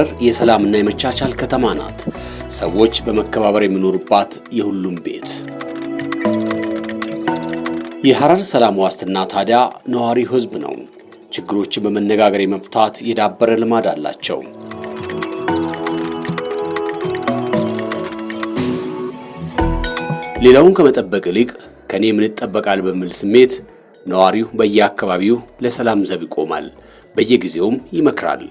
ሐረር የሰላምና የመቻቻል ከተማ ናት። ሰዎች በመከባበር የሚኖሩባት የሁሉም ቤት። የሐረር ሰላም ዋስትና ታዲያ ነዋሪው ሕዝብ ነው። ችግሮችን በመነጋገር የመፍታት የዳበረ ልማድ አላቸው። ሌላውን ከመጠበቅ ይልቅ ከእኔ ምን ይጠበቃል በሚል ስሜት ነዋሪው በየአካባቢው ለሰላም ዘብ ይቆማል፣ በየጊዜውም ይመክራል።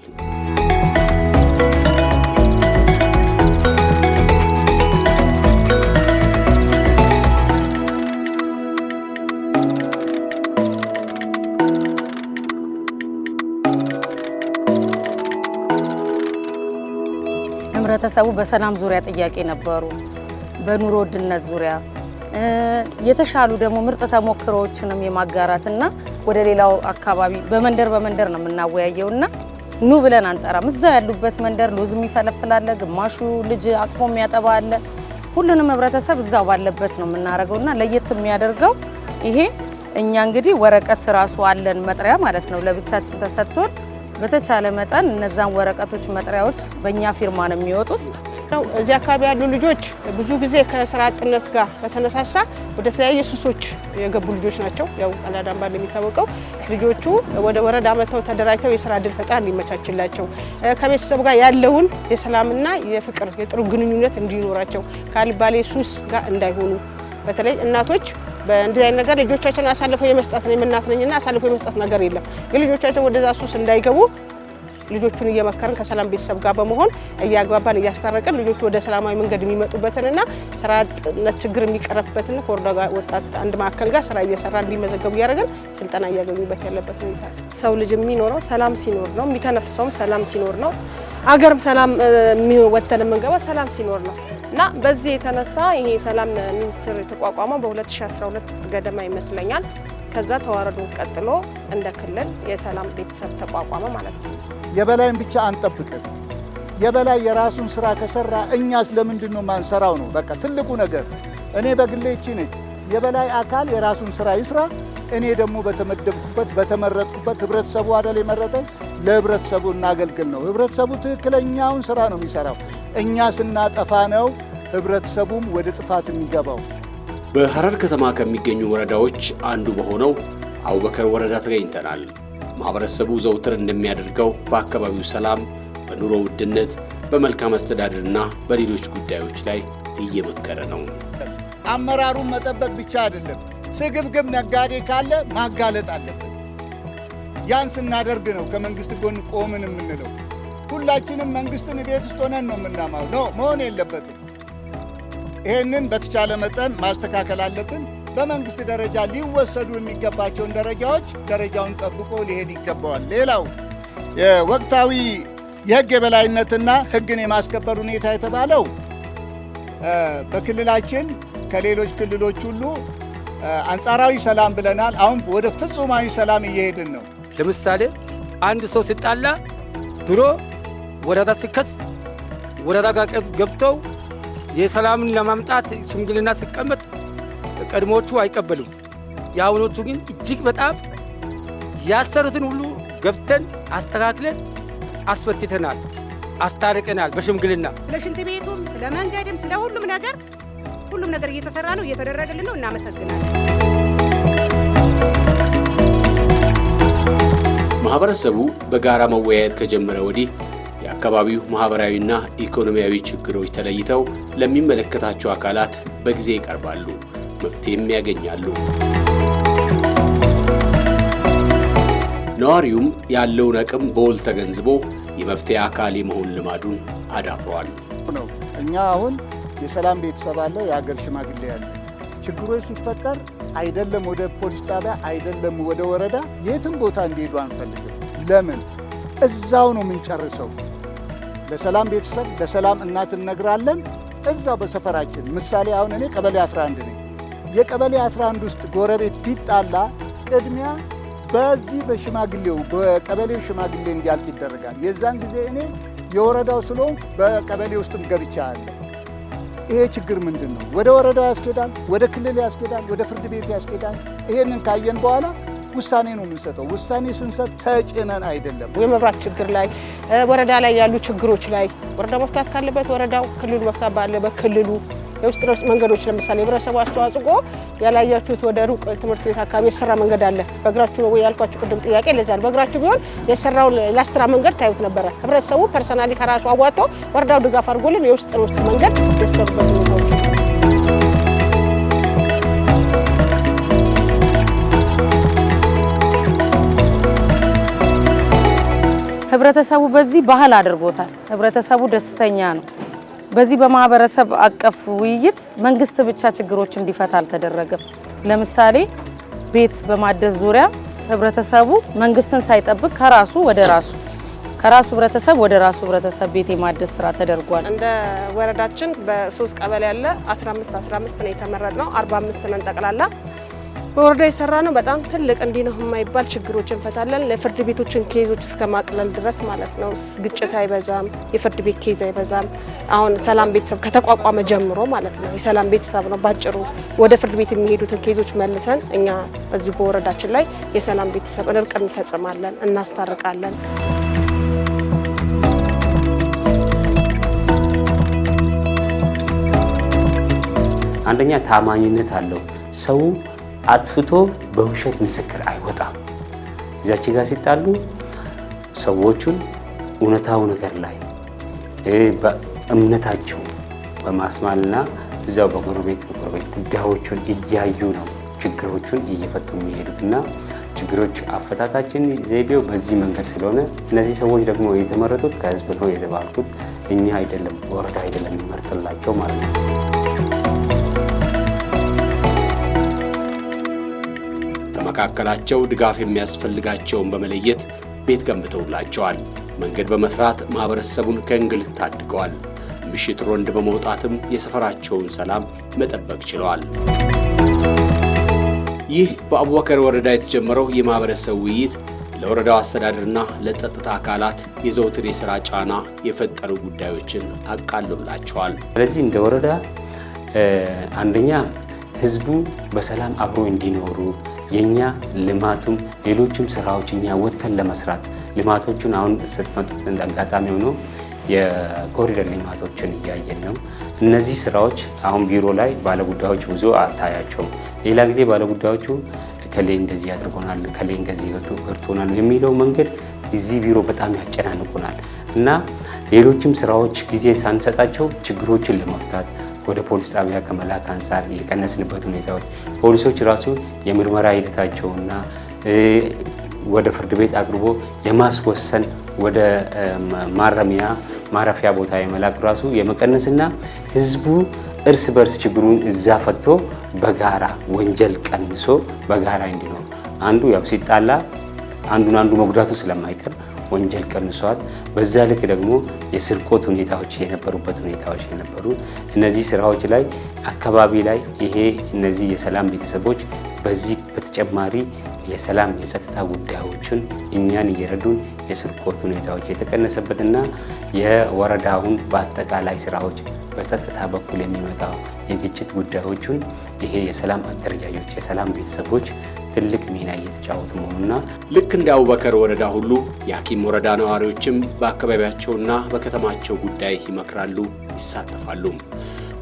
ህብረተሰቡ በሰላም ዙሪያ ጥያቄ ነበሩ፣ በኑሮ ውድነት ዙሪያ የተሻሉ ደግሞ ምርጥ ተሞክሮዎችንም የማጋራትና ወደ ሌላው አካባቢ በመንደር በመንደር ነው የምናወያየው እና ኑ ብለን አንጠራም። እዛ ያሉበት መንደር ሎዝ የሚፈለፍላለ፣ ግማሹ ልጅ አቅፎ የሚያጠባ አለ። ሁሉንም ህብረተሰብ እዛው ባለበት ነው የምናደርገውና ለየት የሚያደርገው ይሄ እኛ እንግዲህ ወረቀት ራሱ አለን መጥሪያ ማለት ነው ለብቻችን ተሰጥቶን በተቻለ መጠን እነዛን ወረቀቶች መጥሪያዎች በእኛ ፊርማ ነው የሚወጡት። እዚህ አካባቢ ያሉ ልጆች ብዙ ጊዜ ከስራ አጥነት ጋር በተነሳሳ ወደ ተለያየ ሱሶች የገቡ ልጆች ናቸው። ያው ቀላዳን አምባ የሚታወቀው ልጆቹ ወደ ወረዳ መጥተው ተደራጅተው የስራ እድል ፈጠራ እንዲመቻችላቸው ከቤተሰብ ጋር ያለውን የሰላምና የፍቅር የጥሩ ግንኙነት እንዲኖራቸው ከአልባሌ ሱስ ጋር እንዳይሆኑ በተለይ እናቶች በእንዲህ አይነት ነገር ልጆቻችን አሳልፎ የመስጠት ነው የምናት ነኝና አሳልፎ የመስጠት ነገር የለም። ግን ልጆቻችን ወደዛ ሱስ እንዳይገቡ ልጆቹን እየመከርን ከሰላም ቤተሰብ ጋር በመሆን እያግባባን እያስታረቅን ልጆቹ ወደ ሰላማዊ መንገድ የሚመጡበትንና ስራ አጥነት ችግር የሚቀረፍበትን ከወረዳ ወጣት አንድ ማዕከል ጋር ስራ እየሰራ እንዲመዘገቡ እያደረግን ስልጠና እያገኙበት ያለበት ሁኔታ ሰው ልጅ የሚኖረው ሰላም ሲኖር ነው። የሚተነፍሰውም ሰላም ሲኖር ነው። አገርም ሰላም ወተን የምንገባ ሰላም ሲኖር ነው። እና በዚህ የተነሳ ይሄ የሰላም ሚኒስቴር የተቋቋመው በ2012 ገደማ ይመስለኛል። ከዛ ተዋረዱ ቀጥሎ እንደ ክልል የሰላም ቤተሰብ ተቋቋመ ማለት ነው። የበላይን ብቻ አንጠብቅም። የበላይ የራሱን ስራ ከሰራ እኛስ ለምንድን ነው ማንሰራው? ነው በቃ ትልቁ ነገር። እኔ በግሌ ነች የበላይ አካል የራሱን ስራ ይስራ፣ እኔ ደግሞ በተመደብኩበት በተመረጥኩበት፣ ህብረተሰቡ አደል የመረጠኝ፣ ለህብረተሰቡ እናገልግል ነው። ህብረተሰቡ ትክክለኛውን ስራ ነው የሚሰራው። እኛ ስናጠፋ ነው ህብረተሰቡም ወደ ጥፋት የሚገባው። በሐረር ከተማ ከሚገኙ ወረዳዎች አንዱ በሆነው አቡበከር ወረዳ ተገኝተናል። ማህበረሰቡ ዘውትር እንደሚያደርገው በአካባቢው ሰላም፣ በኑሮ ውድነት፣ በመልካም አስተዳደርና በሌሎች ጉዳዮች ላይ እየመከረ ነው። አመራሩን መጠበቅ ብቻ አይደለም፣ ስግብግብ ነጋዴ ካለ ማጋለጥ አለብን። ያን ስናደርግ ነው ከመንግስት ጎን ቆምን የምንለው። ሁላችንም መንግስትን ቤት ውስጥ ሆነን ነው የምናማው። ኖ መሆን የለበትም። ይህንን በተቻለ መጠን ማስተካከል አለብን። በመንግስት ደረጃ ሊወሰዱ የሚገባቸውን ደረጃዎች ደረጃውን ጠብቆ ሊሄድ ይገባዋል። ሌላው ወቅታዊ የህግ የበላይነትና ህግን የማስከበር ሁኔታ የተባለው በክልላችን ከሌሎች ክልሎች ሁሉ አንጻራዊ ሰላም ብለናል። አሁን ወደ ፍጹማዊ ሰላም እየሄድን ነው። ለምሳሌ አንድ ሰው ሲጣላ ድሮ ወረዳ ሲከስ ወረዳ ጋር ገብተው የሰላምን ለማምጣት ሽምግልና ሲቀመጥ ቀድሞቹ አይቀበሉም። የአሁኖቹ ግን እጅግ በጣም ያሰሩትን ሁሉ ገብተን አስተካክለን አስፈትተናል፣ አስታርቀናል በሽምግልና። ለሽንት ቤቱም ስለ መንገድም ስለ ሁሉም ነገር ሁሉም ነገር እየተሰራ ነው፣ እየተደረገልን ነው። እናመሰግናለን። ማህበረሰቡ በጋራ መወያየት ከጀመረ ወዲህ ከአካባቢው ማኅበራዊና ኢኮኖሚያዊ ችግሮች ተለይተው ለሚመለከታቸው አካላት በጊዜ ይቀርባሉ፣ መፍትሄም ያገኛሉ። ነዋሪውም ያለውን አቅም በውል ተገንዝቦ የመፍትሄ አካል የመሆን ልማዱን አዳብረዋል። ነው እኛ አሁን የሰላም ቤተሰብ አለ፣ የአገር ሽማግሌ ያለ ችግሮች ሲፈጠር አይደለም ወደ ፖሊስ ጣቢያ አይደለም ወደ ወረዳ፣ የትም ቦታ እንዲሄዱ አንፈልግም። ለምን እዛው ነው የምንጨርሰው። ለሰላም ቤተሰብ ለሰላም እናት እነግራለን። እዛው በሰፈራችን ምሳሌ አሁን እኔ ቀበሌ 11 ነኝ። የቀበሌ 11 ውስጥ ጎረቤት ቢጣላ ቅድሚያ በዚህ በሽማግሌው በቀበሌው ሽማግሌ እንዲያልቅ ይደረጋል። የዛን ጊዜ እኔ የወረዳው ስለሆንኩ በቀበሌ ውስጥም ገብቻ አለ። ይሄ ችግር ምንድን ነው? ወደ ወረዳ ያስኬዳል፣ ወደ ክልል ያስኬዳል፣ ወደ ፍርድ ቤት ያስኬዳል። ይሄንን ካየን በኋላ ውሳኔ ነው የምንሰጠው። ውሳኔ ስንሰጥ ተጭነን አይደለም። የመብራት ችግር ላይ ወረዳ ላይ ያሉ ችግሮች ላይ ወረዳው መፍታት ካለበት ወረዳው፣ ክልሉ መፍታት ባለበት ክልሉ የውስጥ ለውስጥ መንገዶች ለምሳሌ ህብረተሰቡ አስተዋጽኦ ያላያችሁት ወደ ሩቅ ትምህርት ቤት አካባቢ የሰራ መንገድ አለ። በእግራችሁ ነው ያልኳችሁ ቅድም ጥያቄ ለዛ በእግራችሁ ቢሆን የሰራውን ላስትራ መንገድ ታዩት ነበረ። ህብረተሰቡ ፐርሰናሊ ከራሱ አዋጥቶ ወረዳው ድጋፍ አድርጎልን የውስጥ ለውስጥ መንገድ የሰሩበት ሁኔታዎች ህብረተሰቡ በዚህ ባህል አድርጎታል። ህብረተሰቡ ደስተኛ ነው። በዚህ በማህበረሰብ አቀፍ ውይይት መንግስት ብቻ ችግሮች እንዲፈታ አልተደረገም። ለምሳሌ ቤት በማደስ ዙሪያ ህብረተሰቡ መንግስትን ሳይጠብቅ ከራሱ ወደ ራሱ ከራሱ ህብረተሰብ ወደ ራሱ ህብረተሰብ ቤት የማደስ ስራ ተደርጓል። እንደ ወረዳችን በሶስት ቀበሌ ያለ 15 15 ነው የተመረጥ ነው። 45 ነን ጠቅላላ በወረዳ የሰራ ነው በጣም ትልቅ እንዲህ ነው የማይባል ችግሮች እንፈታለን። ለፍርድ ቤቶችን ኬዞች እስከ ማቅለል ድረስ ማለት ነው። ግጭት አይበዛም፣ የፍርድ ቤት ኬዝ አይበዛም። አሁን ሰላም ቤተሰብ ከተቋቋመ ጀምሮ ማለት ነው የሰላም ቤተሰብ ነው ባጭሩ። ወደ ፍርድ ቤት የሚሄዱትን ኬዞች መልሰን እኛ እዚሁ በወረዳችን ላይ የሰላም ቤተሰብ እርቅ እንፈጽማለን፣ እናስታርቃለን። አንደኛ ታማኝነት አለው ሰው አጥፍቶ በውሸት ምስክር አይወጣም። እዛች ጋር ሲጣሉ ሰዎቹን እውነታው ነገር ላይ በእምነታቸው በማስማልና እዚያው በጎረቤት በጎረቤት ጉዳዮቹን እያዩ ነው ችግሮቹን እየፈቱ የሚሄዱትና ችግሮች አፈታታችን ዘይቤው በዚህ መንገድ ስለሆነ እነዚህ ሰዎች ደግሞ የተመረጡት ከህዝብ ነው የተባልኩት እኛ አይደለም፣ ወረዳ አይደለም መርጥላቸው ማለት ነው። በመካከላቸው ድጋፍ የሚያስፈልጋቸውን በመለየት ቤት ገንብተውላቸዋል። መንገድ በመስራት ማህበረሰቡን ከእንግልት ታድገዋል። ምሽት ሮንድ በመውጣትም የሰፈራቸውን ሰላም መጠበቅ ችለዋል። ይህ በአቡበከር ወረዳ የተጀመረው የማህበረሰብ ውይይት ለወረዳው አስተዳደርና ለጸጥታ አካላት የዘውትር የሥራ ጫና የፈጠሩ ጉዳዮችን አቃልሎላቸዋል። ስለዚህ እንደ ወረዳ አንደኛ ህዝቡ በሰላም አብሮ እንዲኖሩ የእኛ ልማቱም ሌሎችም ስራዎች እኛ ወጥተን ለመስራት ልማቶቹን አሁን ስትመጡት አጋጣሚ ሆኖ የኮሪደር ልማቶችን እያየን ነው። እነዚህ ስራዎች አሁን ቢሮ ላይ ባለጉዳዮች ብዙ አታያቸውም። ሌላ ጊዜ ባለጉዳዮቹ ከሌ እንደዚህ ያድርጎናል፣ ከሌ እንደዚህ እርቶናል የሚለው መንገድ እዚህ ቢሮ በጣም ያጨናንቁናል እና ሌሎችም ስራዎች ጊዜ ሳንሰጣቸው ችግሮችን ለመፍታት ወደ ፖሊስ ጣቢያ ከመላክ አንጻር የቀነስንበት ሁኔታዎች ፖሊሶች ራሱ የምርመራ ሂደታቸውና ወደ ፍርድ ቤት አቅርቦ የማስወሰን ወደ ማረሚያ ማረፊያ ቦታ የመላክ ራሱ የመቀነስና ህዝቡ እርስ በርስ ችግሩን እዛ ፈቶ በጋራ ወንጀል ቀንሶ በጋራ እንዲኖር አንዱ ያው ሲጣላ አንዱን አንዱ መጉዳቱ ስለማይቀር ወንጀል ቀንሷል። በዛ ልክ ደግሞ የስርቆት ሁኔታዎች የነበሩበት ሁኔታዎች የነበሩ እነዚህ ስራዎች ላይ አካባቢ ላይ ይሄ እነዚህ የሰላም ቤተሰቦች በዚህ በተጨማሪ የሰላም የጸጥታ ጉዳዮችን እኛን እየረዱን የስርቆት ሁኔታዎች የተቀነሰበትና የወረዳውን በአጠቃላይ ስራዎች በጸጥታ በኩል የሚመጣው የግጭት ጉዳዮችን ይሄ የሰላም አደረጃጆች የሰላም ቤተሰቦች ትልቅ ሚና እየተጫወቱ መሆኑና ልክ እንደ አቡበከር ወረዳ ሁሉ የሐኪም ወረዳ ነዋሪዎችም በአካባቢያቸውና በከተማቸው ጉዳይ ይመክራሉ፣ ይሳተፋሉ።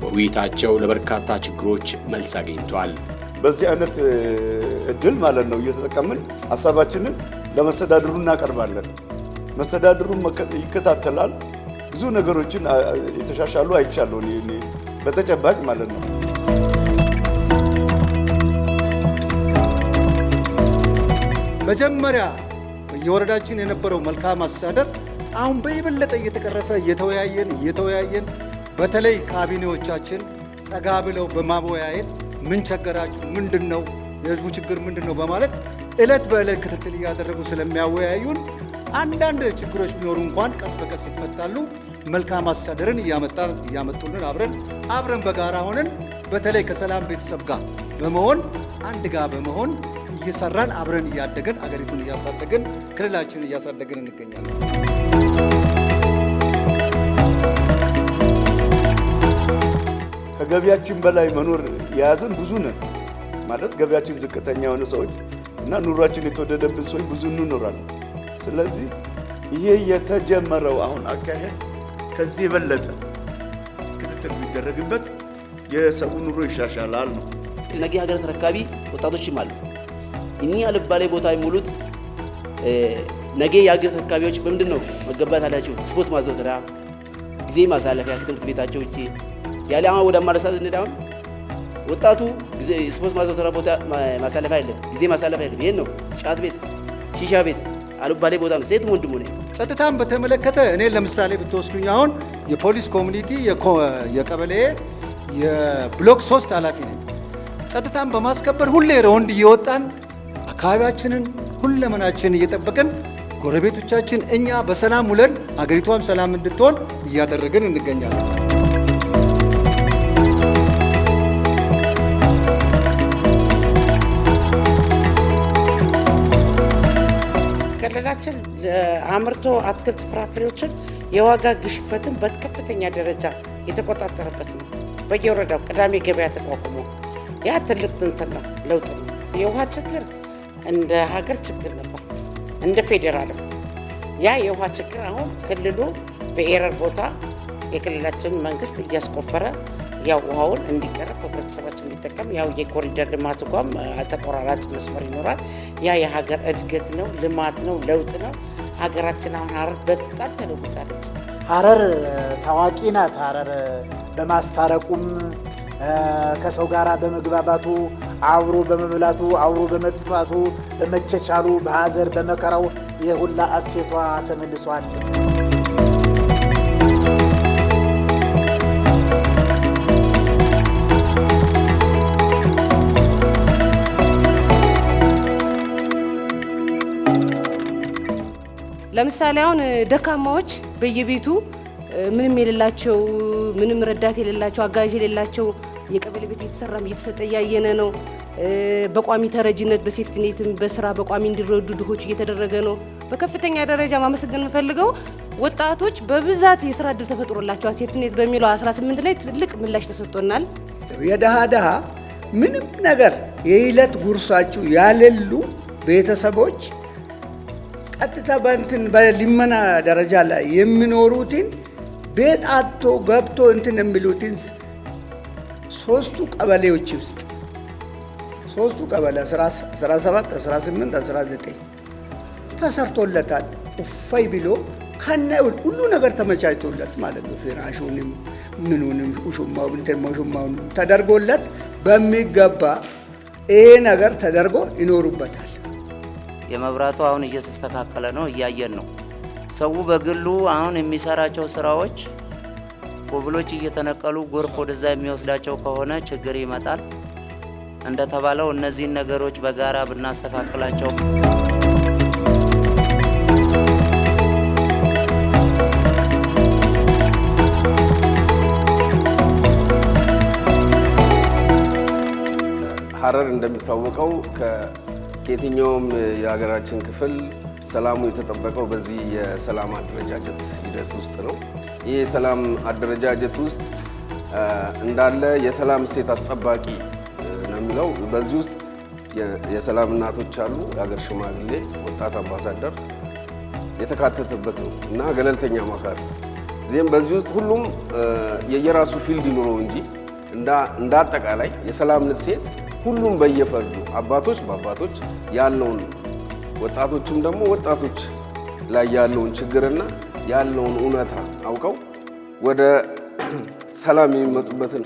በውይይታቸው ለበርካታ ችግሮች መልስ አግኝተዋል። በዚህ አይነት እድል ማለት ነው እየተጠቀምን ሀሳባችንን ለመስተዳድሩ እናቀርባለን። መስተዳድሩ ይከታተላል። ብዙ ነገሮችን የተሻሻሉ አይቻለሁ በተጨባጭ ማለት ነው። መጀመሪያ በየወረዳችን የነበረው መልካም አስተዳደር አሁን በየበለጠ እየተቀረፈ እየተወያየን እየተወያየን በተለይ ካቢኔዎቻችን ጠጋ ብለው በማወያየት ምን ቸገራችሁ፣ ምንድን ነው የህዝቡ ችግር ምንድን ነው በማለት ዕለት በዕለት ክትትል እያደረጉ ስለሚያወያዩን አንዳንድ ችግሮች ቢኖሩ እንኳን ቀስ በቀስ ይፈታሉ። መልካም አስተዳደርን እያመጡልን አብረን አብረን በጋራ ሆነን በተለይ ከሰላም ቤተሰብ ጋር በመሆን አንድ ጋር በመሆን እየሰራን አብረን እያደገን አገሪቱን እያሳደገን ክልላችን እያሳደገን እንገኛለን። ከገቢያችን በላይ መኖር የያዝን ብዙ ነን ማለት ገቢያችን ዝቅተኛ የሆነ ሰዎች እና ኑሯችን የተወደደብን ሰዎች ብዙ እንኖራለን። ስለዚህ ይሄ የተጀመረው አሁን አካሄድ ከዚህ የበለጠ ክትትል የሚደረግበት የሰው ኑሮ ይሻሻላል ነው። ነገ ሀገር ተረካቢ ወጣቶችም አሉ። እኚህ አልባሌ ቦታ የሚውሉት ነገ የአገር ተረካቢዎች በምንድን ነው መገባት አላቸው? ስፖርት ማዘውተሪያ፣ ጊዜ ማሳለፊያ ከትምህርት ቤታቸው ውጭ ያለ አሁን ወደ አማረሰብ እንደዳውን ወጣቱ ስፖርት ማዘውተሪያ ቦታ ማሳለፍ አይደለም፣ ጊዜ ማሳለፍ አይደለም። ይሄን ነው ጫት ቤት፣ ሺሻ ቤት፣ አልባሌ ቦታ ነው። ሴትም ወንድም ሆነ ጸጥታን በተመለከተ እኔ ለምሳሌ ብትወስዱኝ አሁን የፖሊስ ኮሚኒቲ የቀበሌ የብሎክ ሶስት ኃላፊ ነኝ። ጸጥታን በማስከበር ሁሌ ሮንድ እየወጣን አካባቢያችንን ሁለመናችን እየጠበቅን ጎረቤቶቻችን እኛ በሰላም ውለን አገሪቷም ሰላም እንድትሆን እያደረግን እንገኛለን። ክልላችን አምርቶ አትክልት ፍራፍሬዎችን የዋጋ ግሽበትን በከፍተኛ ደረጃ የተቆጣጠረበት ነው። በየወረዳው ቅዳሜ ገበያ ተቋቁሞ ያ ትልቅ ትንትን ለውጥ ነው። የውሃ ችግር እንደ ሀገር ችግር ነበር፣ እንደ ፌዴራልም ያ የውሃ ችግር አሁን ክልሉ በኤረር ቦታ የክልላችን መንግስት እያስቆፈረ ያው ውሃውን እንዲቀረብ ህብረተሰባችን እንዲጠቀም ያው የኮሪደር ልማት ጓም ተቆራራጭ መስመር ይኖራል። ያ የሀገር እድገት ነው፣ ልማት ነው፣ ለውጥ ነው። ሀገራችን አሁን ሀረር በጣም ተለውጣለች። ሀረር ታዋቂ ናት። ሀረር በማስታረቁም ከሰው ጋር በመግባባቱ አብሮ በመብላቱ አብሮ በመጥፋቱ በመቸቻሉ በሐዘር በመከራው የሁላ እሴቷ ተመልሷል። ለምሳሌ አሁን ደካማዎች በየቤቱ ምንም የሌላቸው ምንም ረዳት የሌላቸው አጋዥ የሌላቸው የቀበሌ ቤት እየተሰራም እየተሰጠ እያየነ ነው። በቋሚ ተረጂነት በሴፍቲኔትም በስራ በቋሚ እንዲረዱ ድሆች እየተደረገ ነው። በከፍተኛ ደረጃ ማመስገን የምፈልገው ወጣቶች በብዛት የስራ እድል ተፈጥሮላቸዋል። ሴፍቲኔት በሚለው 18 ላይ ትልቅ ምላሽ ተሰጥቶናል። የድሃ ድሃ ምንም ነገር የይለት ጉርሳችሁ ያሌሉ ቤተሰቦች ቀጥታ በእንትን በሊመና ደረጃ ላይ የሚኖሩትን ቤት አጥቶ ገብቶ እንትን የሚሉትን ሶስቱ ቀበሌዎች ውስጥ ሶስቱ ቀበሌ 17፣ 18፣ 19 ተሰርቶለታል። ኡፋይ ብሎ ከነ ሁሉ ነገር ተመቻችቶለት ማለት ነው። ፍራሹንም ምኑንም ሹማው ሹማውን ተደርጎለት በሚገባ ይሄ ነገር ተደርጎ ይኖሩበታል። የመብራቱ አሁን እየተስተካከለ ነው፣ እያየን ነው። ሰው በግሉ አሁን የሚሰራቸው ስራዎች ኮብሎች እየተነቀሉ ጎርፍ ወደዛ የሚወስዳቸው ከሆነ ችግር ይመጣል። እንደተባለው እነዚህን ነገሮች በጋራ ብናስተካክላቸው ሀረር እንደሚታወቀው ከየትኛውም የሀገራችን ክፍል ሰላሙ የተጠበቀው በዚህ የሰላም አደረጃጀት ሂደት ውስጥ ነው። ይህ የሰላም አደረጃጀት ውስጥ እንዳለ የሰላም እሴት አስጠባቂ ነው የሚለው። በዚህ ውስጥ የሰላም እናቶች አሉ፣ የሀገር ሽማግሌ፣ ወጣት አምባሳደር የተካተተበት ነው እና ገለልተኛ ማካሪ እዚህም በዚህ ውስጥ ሁሉም የየራሱ ፊልድ ይኑረው እንጂ እንደ አጠቃላይ የሰላምን እሴት ሁሉም በየፈርዱ አባቶች በአባቶች ያለውን ወጣቶችም ደግሞ ወጣቶች ላይ ያለውን ችግርና ያለውን እውነታ አውቀው ወደ ሰላም የሚመጡበትን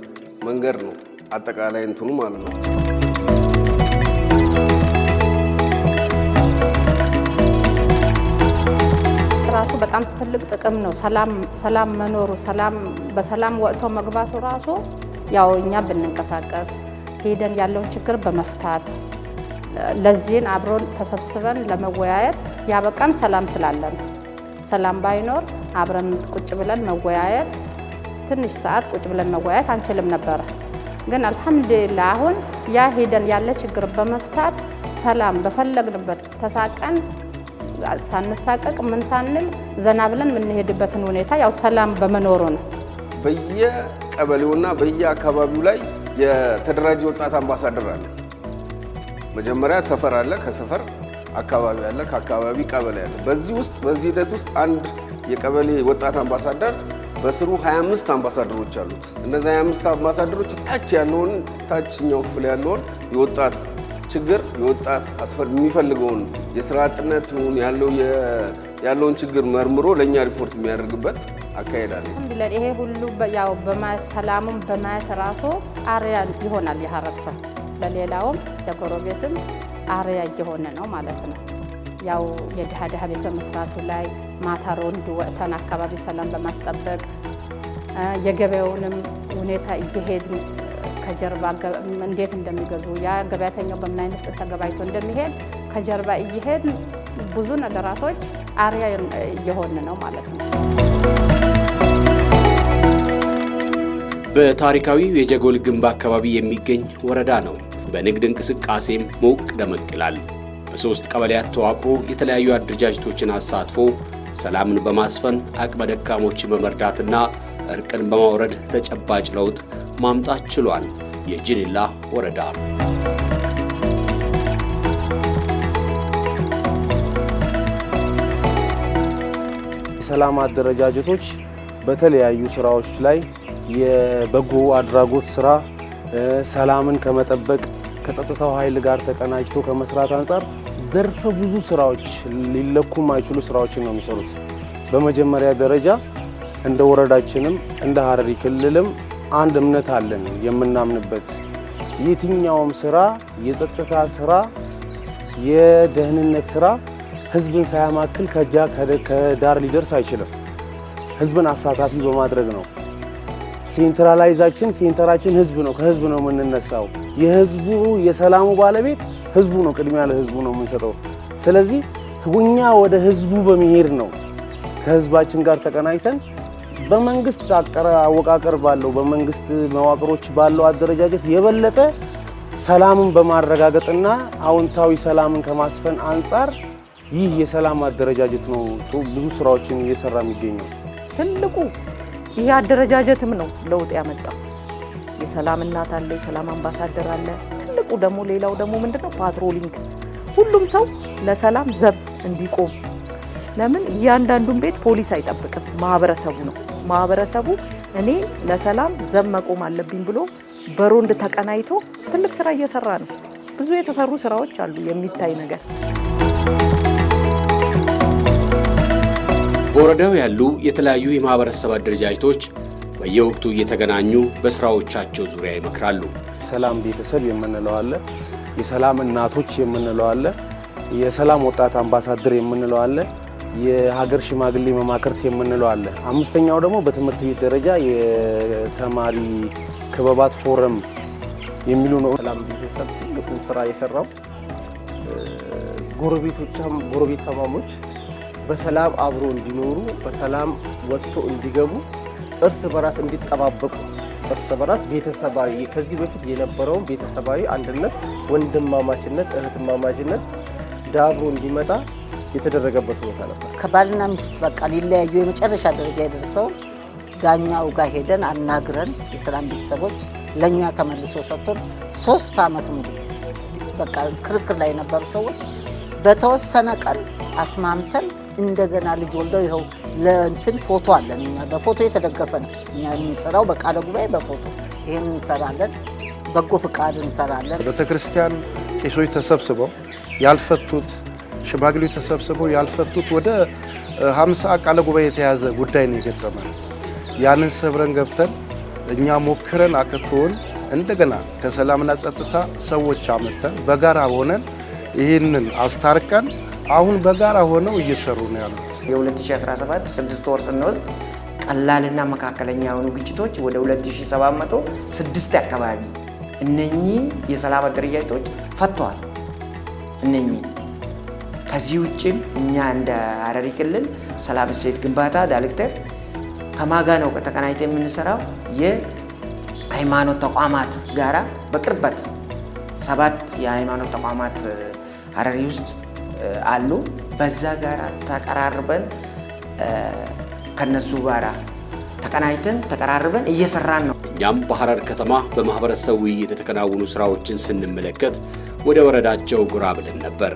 መንገድ ነው አጠቃላይ እንትኑ ማለት ነው። ራሱ በጣም ትልቅ ጥቅም ነው። ሰላም መኖሩ በሰላም ወጥቶ መግባቱ ራሱ ያው እኛ ብንንቀሳቀስ ሄደን ያለውን ችግር በመፍታት ለዚህን አብሮን ተሰብስበን ለመወያየት ያበቃን ሰላም ስላለን ሰላም ባይኖር አብረን ቁጭ ብለን መወያየት ትንሽ ሰዓት ቁጭ ብለን መወያየት አንችልም ነበረ። ግን አልሐምዱሊላ አሁን ያ ሄደን ያለ ችግር በመፍታት ሰላም በፈለግንበት ተሳቀን ሳንሳቀቅ ምን ሳንል ዘና ብለን የምንሄድበትን ሁኔታ ያው ሰላም በመኖሩ ነው። በየቀበሌውና በየአካባቢው ላይ የተደራጀ ወጣት አምባሳደር አለ። መጀመሪያ ሰፈር አለ። ከሰፈር አካባቢ አለ፣ ከአካባቢ ቀበሌ አለ። በዚህ ውስጥ በዚህ ሂደት ውስጥ አንድ የቀበሌ ወጣት አምባሳደር በስሩ 25 አምባሳደሮች አሉት። እነዚህ 25 አምባሳደሮች ታች ያለውን ታችኛው ክፍል ያለውን የወጣት ችግር የወጣት የሚፈልገውን የስራ አጥነት ያለውን ችግር መርምሮ ለእኛ ሪፖርት የሚያደርግበት አካሄድ ይሄ ሁሉ ያው በማየት ሰላሙን በማየት ራሱ አርያ ይሆናል የሀረር ሰው ለሌላውም ለጎረቤትም አሪያ እየሆነ ነው ማለት ነው። ያው የድሃ ድሃ ቤት በመስራቱ ላይ ማታ ሮንድ ወጥተን አካባቢ ሰላም በማስጠበቅ የገበያውንም ሁኔታ እየሄድ ከጀርባ እንዴት እንደሚገዙ ያ ገበያተኛው በምን አይነት ተገባይቶ እንደሚሄድ ከጀርባ እየሄድ ብዙ ነገራቶች አሪያ እየሆን ነው ማለት ነው። በታሪካዊው የጀጎል ግንብ አካባቢ የሚገኝ ወረዳ ነው። በንግድ እንቅስቃሴም ሞቅ ደመቅ ይላል። በሦስት ቀበሌያት ተዋቅሮ የተለያዩ አደረጃጀቶችን አሳትፎ ሰላምን በማስፈን አቅመ ደካሞችን በመርዳትና እርቅን በማውረድ ተጨባጭ ለውጥ ማምጣት ችሏል። የጅንላ ወረዳ የሰላም አደረጃጀቶች በተለያዩ ስራዎች ላይ የበጎ አድራጎት ስራ ሰላምን ከመጠበቅ ከጸጥታው ኃይል ጋር ተቀናጅቶ ከመስራት አንጻር ዘርፈ ብዙ ስራዎች ሊለኩ የማይችሉ ስራዎችን ነው የሚሰሩት። በመጀመሪያ ደረጃ እንደ ወረዳችንም እንደ ሀረሪ ክልልም አንድ እምነት አለን የምናምንበት የትኛውም ስራ የጸጥታ ስራ፣ የደህንነት ስራ ህዝብን ሳያማክል ከጃ ከዳር ሊደርስ አይችልም። ህዝብን አሳታፊ በማድረግ ነው ሴንትራላይዛችን ሴንተራችን ህዝብ ነው። ከህዝብ ነው የምንነሳው። የህዝቡ የሰላሙ ባለቤት ህዝቡ ነው። ቅድሚያ ለህዝቡ ነው የምንሰጠው። ስለዚህ እኛ ወደ ህዝቡ በመሄድ ነው ከህዝባችን ጋር ተቀናጅተን በመንግስት አወቃቀር ባለው በመንግስት መዋቅሮች ባለው አደረጃጀት የበለጠ ሰላምን በማረጋገጥና አዎንታዊ ሰላምን ከማስፈን አንጻር ይህ የሰላም አደረጃጀት ነው ብዙ ስራዎችን እየሰራ የሚገኘው ትልቁ ይሄ አደረጃጀትም ነው ለውጥ ያመጣው። የሰላም እናት አለ፣ የሰላም አምባሳደር አለ። ትልቁ ደግሞ ሌላው ደግሞ ምንድነው ፓትሮሊንግ፣ ሁሉም ሰው ለሰላም ዘብ እንዲቆም። ለምን እያንዳንዱን ቤት ፖሊስ አይጠብቅም፣ ማህበረሰቡ ነው። ማህበረሰቡ እኔ ለሰላም ዘብ መቆም አለብኝ ብሎ በሮንድ ተቀናይቶ ትልቅ ስራ እየሰራ ነው። ብዙ የተሰሩ ስራዎች አሉ የሚታይ ነገር በወረዳው ያሉ የተለያዩ የማህበረሰብ አደረጃጀቶች በየወቅቱ እየተገናኙ በስራዎቻቸው ዙሪያ ይመክራሉ። ሰላም ቤተሰብ የምንለው አለ፣ የሰላም እናቶች የምንለው አለ፣ የሰላም ወጣት አምባሳደር የምንለው አለ፣ የሀገር ሽማግሌ መማክርት የምንለው አለ። አምስተኛው ደግሞ በትምህርት ቤት ደረጃ የተማሪ ክበባት ፎረም የሚሉ ነው። ሰላም ቤተሰብ ትልቁን ስራ የሰራው ጎረቤቶቻም ጎረቤታማሞች በሰላም አብሮ እንዲኖሩ፣ በሰላም ወጥቶ እንዲገቡ፣ እርስ በራስ እንዲጠባበቁ እርስ በራስ ቤተሰባዊ ከዚህ በፊት የነበረውን ቤተሰባዊ አንድነት፣ ወንድማማችነት፣ እህትማማችነት ዳብሮ እንዲመጣ የተደረገበት ሁኔታ ነበር። ከባልና ሚስት በቃ ሊለያዩ የመጨረሻ ደረጃ የደርሰው ዳኛው ጋር ሄደን አናግረን የሰላም ቤተሰቦች ለእኛ ተመልሶ ሰጥቶን ሶስት ዓመት ሙሉ በቃ ክርክር ላይ የነበሩ ሰዎች በተወሰነ ቀን አስማምተን እንደገና ልጅ ወልደው ይኸው ለእንትን ፎቶ አለን። እኛ በፎቶ የተደገፈ ነው እኛ የምንሰራው በቃለ ጉባኤ በፎቶ ይህን እንሰራለን። በጎ ፍቃድ እንሰራለን። ቤተ ክርስቲያን ቄሶች ተሰብስበው ያልፈቱት ሽማግሌ ተሰብስበው ያልፈቱት ወደ ሀምሳ ቃለ ጉባኤ የተያዘ ጉዳይ ነው የገጠመን። ያንን ሰብረን ገብተን እኛ ሞክረን አቅቶውን እንደገና ከሰላምና ጸጥታ ሰዎች አመተን በጋራ ሆነን ይህንን አስታርቀን አሁን በጋራ ሆነው እየሰሩ ነው ያሉት። የ2017 ስድስት ወር ስንወስድ ቀላልና መካከለኛ የሆኑ ግጭቶች ወደ 2706 አካባቢ እነኚህ የሰላም አደረጃጀቶች ፈጥተዋል። እነኚህ ከዚህ ውጭም እኛ እንደ ሀረሪ ክልል ሰላም እሴት ግንባታ ዳይሬክተር ከማጋ ነው ተቀናጅተ የምንሰራው የሃይማኖት ተቋማት ጋራ በቅርበት ሰባት የሃይማኖት ተቋማት ሀረሪ ውስጥ አሉ። በዛ ጋር ተቀራርበን ከነሱ ጋር ተቀናጅተን ተቀራርበን እየሰራን ነው። እኛም በሐረር ከተማ በማህበረሰብ ውይይት የተከናወኑ ስራዎችን ስንመለከት ወደ ወረዳቸው ጉራ ብለን ነበር።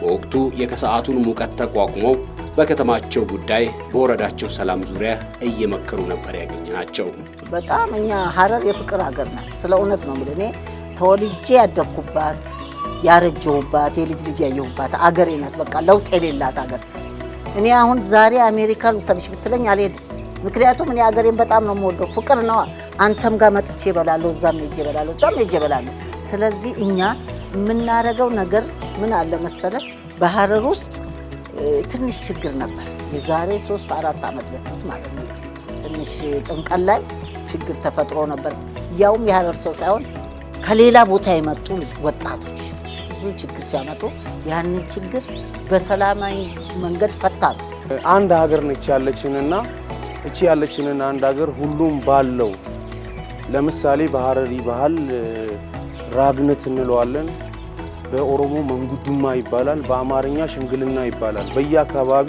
በወቅቱ የከሰዓቱን ሙቀት ተቋቁመው በከተማቸው ጉዳይ በወረዳቸው ሰላም ዙሪያ እየመከሩ ነበር ያገኘናቸው። በጣም እኛ ሐረር የፍቅር ሀገር ናት። ስለ እውነት ነው የምልህ። እኔ ተወልጄ ያደግኩባት ያረጀውባት የልጅ ልጅ ያየሁባት አገሬ ናት። በቃ ለውጥ የሌላት አገር። እኔ አሁን ዛሬ አሜሪካ ልውሰድሽ ብትለኝ አልሄድም። ምክንያቱም እኔ አገሬን በጣም ነው የምወደው። ፍቅር ነው። አንተም ጋር መጥቼ እበላለሁ፣ እዛም ሄጄ እበላለሁ፣ እዛም ሄጄ እበላለሁ። ስለዚህ እኛ የምናደርገው ነገር ምን አለ መሰለ፣ በሀረር ውስጥ ትንሽ ችግር ነበር የዛሬ ሶስት አራት ዓመት በፊት ማለት ነው። ትንሽ ጥምቀት ላይ ችግር ተፈጥሮ ነበር። ያውም የሀረር ሰው ሳይሆን ከሌላ ቦታ የመጡ ወጣቶች ብዙ ችግር ሲያመጡ ያንን ችግር በሰላማዊ መንገድ ፈታሉ። ነው። አንድ ሀገር ነች ያለችንና እቺ ያለችንን አንድ ሀገር ሁሉም ባለው ለምሳሌ በሀረሪ ባህል ራግነት እንለዋለን። በኦሮሞ መንጉዱማ ይባላል። በአማርኛ ሽምግልና ይባላል። በየአካባቢ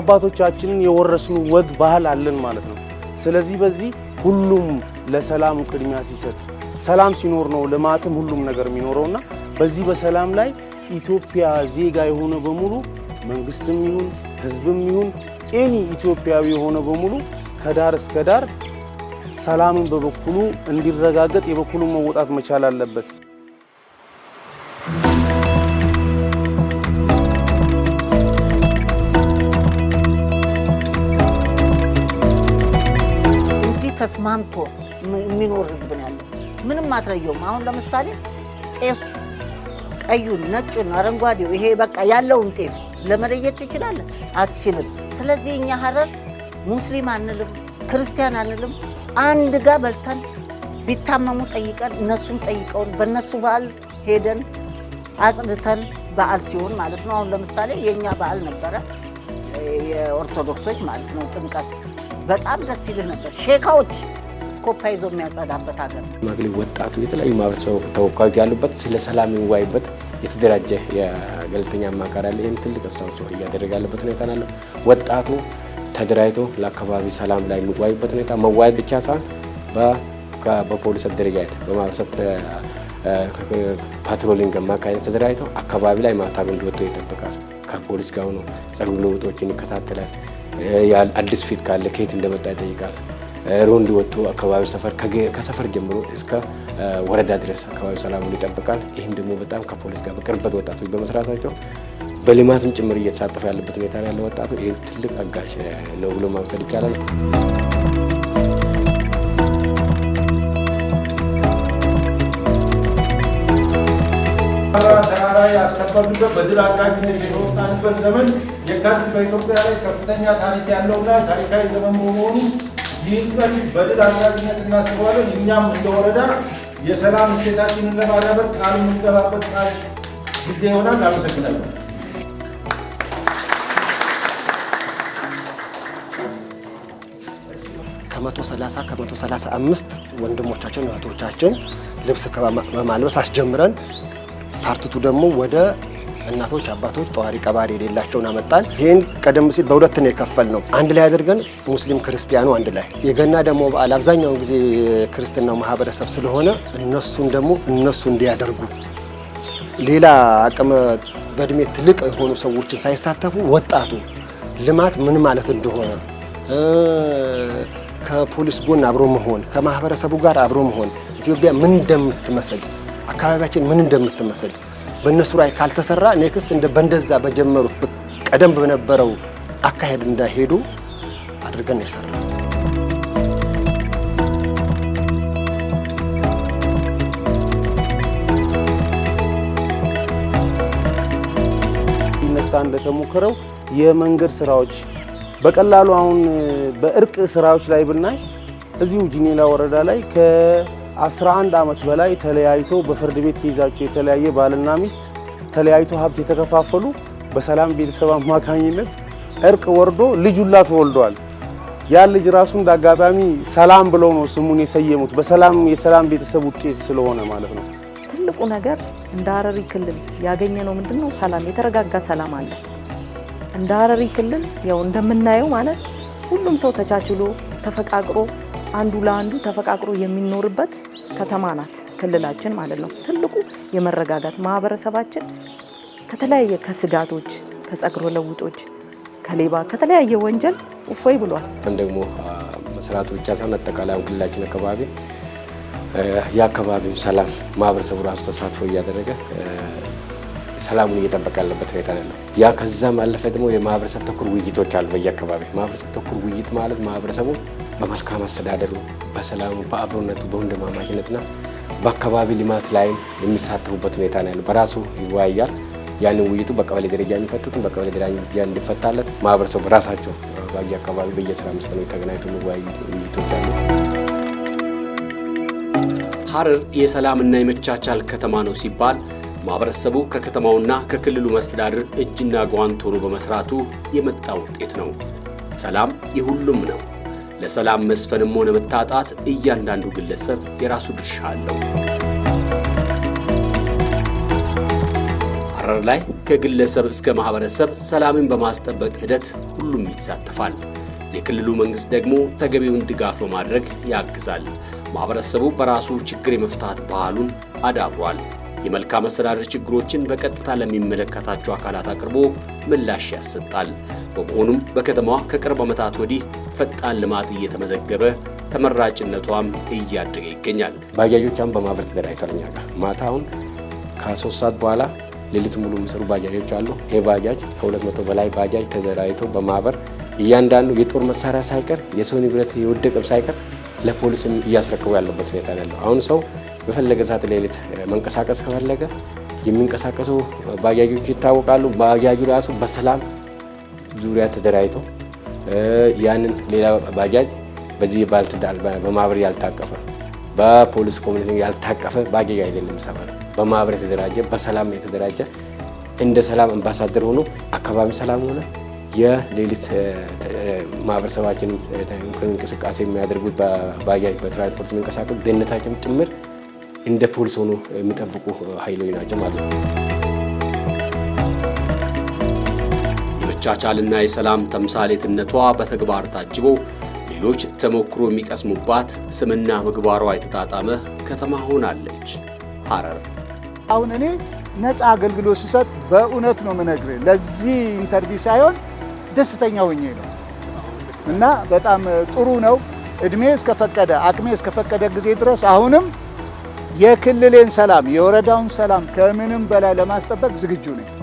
አባቶቻችንን የወረስኑ ወግ ባህል አለን ማለት ነው። ስለዚህ በዚህ ሁሉም ለሰላም ቅድሚያ ሲሰጥ ሰላም ሲኖር ነው ልማትም ሁሉም ነገር የሚኖረውና በዚህ በሰላም ላይ ኢትዮጵያ ዜጋ የሆነ በሙሉ መንግስትም ይሁን ህዝብም ይሁን ኤኒ ኢትዮጵያዊ የሆነ በሙሉ ከዳር እስከ ዳር ሰላምን በበኩሉ እንዲረጋገጥ የበኩሉን መወጣት መቻል አለበት። እንዲህ ተስማምቶ የሚኖር ህዝብ ነው ያለው። ምንም አትለየውም። አሁን ለምሳሌ ጤፍ ቀዩን፣ ነጩን፣ አረንጓዴው ይሄ በቃ ያለውን ጤፍ ለመለየት ትችላለህ? አትችልም። ስለዚህ እኛ ሀረር ሙስሊም አንልም፣ ክርስቲያን አንልም። አንድ ጋር በልተን ቢታመሙ ጠይቀን እነሱም ጠይቀውን በእነሱ በዓል ሄደን አጽድተን በዓል ሲሆን ማለት ነው። አሁን ለምሳሌ የእኛ በዓል ነበረ የኦርቶዶክሶች ማለት ነው ጥምቀት። በጣም ደስ ይልህ ነበር ሼካዎች እስኮፓ ይዞ የሚያጸዳበት ሀገር ነው። ማግሌ ወጣቱ፣ የተለያዩ ማህበረሰብ ተወካዮች ያሉበት ስለ ሰላም የሚዋይበት የተደራጀ የገለልተኛ አማካሪ አለ። ይህም ትልቅ አስተዋጽኦ እያደረገ ያለበት ሁኔታ ናለ። ወጣቱ ተደራጅቶ ለአካባቢ ሰላም ላይ የሚዋይበት ሁኔታ መዋየት ብቻ ሳይሆን በፖሊስ አደረጃጀት በማህበረሰብ ፓትሮሊንግ አማካኝነት ተደራጅቶ አካባቢ ላይ ማታ እንዲወጡ ይጠብቃል። ከፖሊስ ጋር ሆኖ ጸጉር ልውጦችን ይከታተላል። አዲስ ፊት ካለ ከየት እንደመጣ ይጠይቃል። ሮንድ ወጥቶ አካባቢ ሰፈር ከሰፈር ጀምሮ እስከ ወረዳ ድረስ አካባቢ ሰላሙን ይጠብቃል። ይህም ደግሞ በጣም ከፖሊስ ጋር በቅርበት ወጣቶች በመስራታቸው በልማትም ጭምር እየተሳተፈ ያለበት ሁኔታ ያለ ወጣቱ ይህ ትልቅ አጋሽ ነው ብሎ መውሰድ ይቻላል። ላይ ያስከበርንበት በድል አድራጊነት የተወጣንበት ዘመን የካቲት በኢትዮጵያ ላይ ከፍተኛ ታሪክ ያለውና ታሪካዊ ዘመን መሆኑ ይህንን በድል አድራጊነት እናስበዋለን። እኛም እንደወረዳ የሰላም እሴታችንን ለማዳበር ቃል የምንገባበት ቃል ጊዜ ይሆናል። አመሰግናለሁ። ከመቶ ሰላሳ ከመቶ ሰላሳ አምስት ወንድሞቻችን እህቶቻችን ልብስ በማልበስ አስጀምረን ፓርትቱ ደግሞ ወደ እናቶች አባቶች ጠዋሪ ቀባሪ የሌላቸውን አመጣን። ይህን ቀደም ሲል በሁለት ነው የከፈል ነው አንድ ላይ አድርገን ሙስሊም ክርስቲያኑ አንድ ላይ የገና ደግሞ በዓል አብዛኛውን ጊዜ ክርስትናው ማህበረሰብ ስለሆነ እነሱን ደግሞ እነሱ እንዲያደርጉ ሌላ አቅመ በእድሜ ትልቅ የሆኑ ሰዎችን ሳይሳተፉ ወጣቱ ልማት ምን ማለት እንደሆነ ከፖሊስ ጎን አብሮ መሆን ከማህበረሰቡ ጋር አብሮ መሆን ኢትዮጵያ ምን እንደምትመስል አካባቢያችን ምን እንደምትመስል በእነሱ ላይ ካልተሰራ ኔክስት እንደ በንደዛ በጀመሩት ቀደም በነበረው አካሄድ እንዳይሄዱ አድርገን የሰራ ይነሳ እንደተሞከረው የመንገድ ስራዎች በቀላሉ አሁን በእርቅ ስራዎች ላይ ብናይ እዚሁ ጅኔላ ወረዳ ላይ 11 ዓመት በላይ ተለያይቶ በፍርድ ቤት ኬዛቸው የተለያየ ባልና ሚስት ተለያይቶ ሀብት የተከፋፈሉ በሰላም ቤተሰብ አማካኝነት እርቅ ወርዶ ልጁላ ተወልደዋል። ያ ልጅ ራሱ እንደ አጋጣሚ ሰላም ብለው ነው ስሙን የሰየሙት። በሰላም የሰላም ቤተሰብ ውጤት ስለሆነ ማለት ነው። ትልቁ ነገር እንደ ሀረሪ ክልል ያገኘ ነው ምንድን ነው ሰላም፣ የተረጋጋ ሰላም አለ። እንደ ሀረሪ ክልል ያው እንደምናየው ማለት ሁሉም ሰው ተቻችሎ ተፈቃቅሮ አንዱ ለአንዱ ተፈቃቅሮ የሚኖርበት ከተማ ናት ክልላችን ማለት ነው። ትልቁ የመረጋጋት ማህበረሰባችን ከተለያየ ከስጋቶች፣ ከጸግሮ ለውጦች፣ ከሌባ፣ ከተለያየ ወንጀል እፎይ ብሏል። ደግሞ መስራቱ ብቻ ሳይሆን አጠቃላይ ክልላችን አካባቢ የአካባቢው ሰላም ማህበረሰቡ ራሱ ተሳትፎ እያደረገ ሰላሙን እየጠበቀ ያለበት ሁኔታ ነው። ያ ከዛም አለፈ ደግሞ የማህበረሰብ ተኩር ውይይቶች አሉ በየአካባቢ ማህበረሰብ ተኩር ውይይት ማለት ማህበረሰቡ በመልካም አስተዳደሩ፣ በሰላሙ፣ በአብሮነቱ፣ በወንድማማችነትና በአካባቢ ልማት ላይም የሚሳተፉበት ሁኔታ ነው ያለው። በራሱ ይወያያል። ያንን ውይይቱ በቀበሌ ደረጃ የሚፈቱትን በቀበሌ ደረጃ እንዲፈታለት ማህበረሰቡ ራሳቸው በየአካባቢ በየስራ መስጠኖች ተገናኝቶ የሚወያዩ ውይይቶች አሉ። ሀረር የሰላምና የመቻቻል ከተማ ነው ሲባል ማህበረሰቡ ከከተማውና ከክልሉ መስተዳድር እጅና ጓንት ሆኖ በመስራቱ የመጣ ውጤት ነው። ሰላም የሁሉም ነው። ለሰላም መስፈንም ሆነ መታጣት እያንዳንዱ ግለሰብ የራሱ ድርሻ አለው። ሐረር ላይ ከግለሰብ እስከ ማህበረሰብ ሰላምን በማስጠበቅ ሂደት ሁሉም ይሳተፋል። የክልሉ መንግስት ደግሞ ተገቢውን ድጋፍ በማድረግ ያግዛል። ማህበረሰቡ በራሱ ችግር የመፍታት ባህሉን አዳብሯል። የመልካም አስተዳደር ችግሮችን በቀጥታ ለሚመለከታቸው አካላት አቅርቦ ምላሽ ያሰጣል። በመሆኑም በከተማዋ ከቅርብ ዓመታት ወዲህ ፈጣን ልማት እየተመዘገበ ተመራጭነቷም እያደገ ይገኛል። ባጃጆች አሁን በማህበር ተደራጅቷል። እኛ ጋር ማታ አሁን ከሶስት ሰዓት በኋላ ሌሊት ሙሉ የሚሰሩ ባጃጆች አሉ። ይሄ ባጃጅ ከሁለት መቶ በላይ ባጃጅ ተደራጅቶ በማህበር እያንዳንዱ የጦር መሳሪያ ሳይቀር የሰው ንብረት የወደቀም ሳይቀር ለፖሊስም እያስረክቡ ያለበት ሁኔታ ያለው አሁን ሰው በፈለገ ሰዓት ሌሊት መንቀሳቀስ ከፈለገ የሚንቀሳቀሱ ባጃጆች ይታወቃሉ። ባጃጁ ራሱ በሰላም ዙሪያ ተደራጅቶ ያንን ሌላ ባጃጅ በዚህ በማህበር ያልታቀፈ በፖሊስ ኮሚኒቲ ያልታቀፈ ባጃጅ አይደለም። ሰፈር በማህበር የተደራጀ በሰላም የተደራጀ እንደ ሰላም አምባሳደር ሆኖ አካባቢ ሰላም ሆነ የሌሊት ማህበረሰባችን እንቅስቃሴ የሚያደርጉት ባጃጅ በትራንስፖርት የሚንቀሳቀስ ደህንነታችን ጭምር እንደ ፖሊስ ሆኖ የሚጠብቁ ኃይሎች ናቸው ማለት ነው። የመቻቻልና የሰላም ተምሳሌትነቷ በተግባር ታጅቦ ሌሎች ተሞክሮ የሚቀስሙባት ስምና ምግባሯ የተጣጣመ ከተማ ሆናለች ሐረር። አሁን እኔ ነፃ አገልግሎት ስሰጥ በእውነት ነው ምነግር ለዚህ ኢንተርቪው ሳይሆን ደስተኛ ሆኜ ነው እና በጣም ጥሩ ነው። እድሜ እስከፈቀደ አቅሜ እስከፈቀደ ጊዜ ድረስ አሁንም የክልሌን ሰላም የወረዳውን ሰላም ከምንም በላይ ለማስጠበቅ ዝግጁ ነኝ።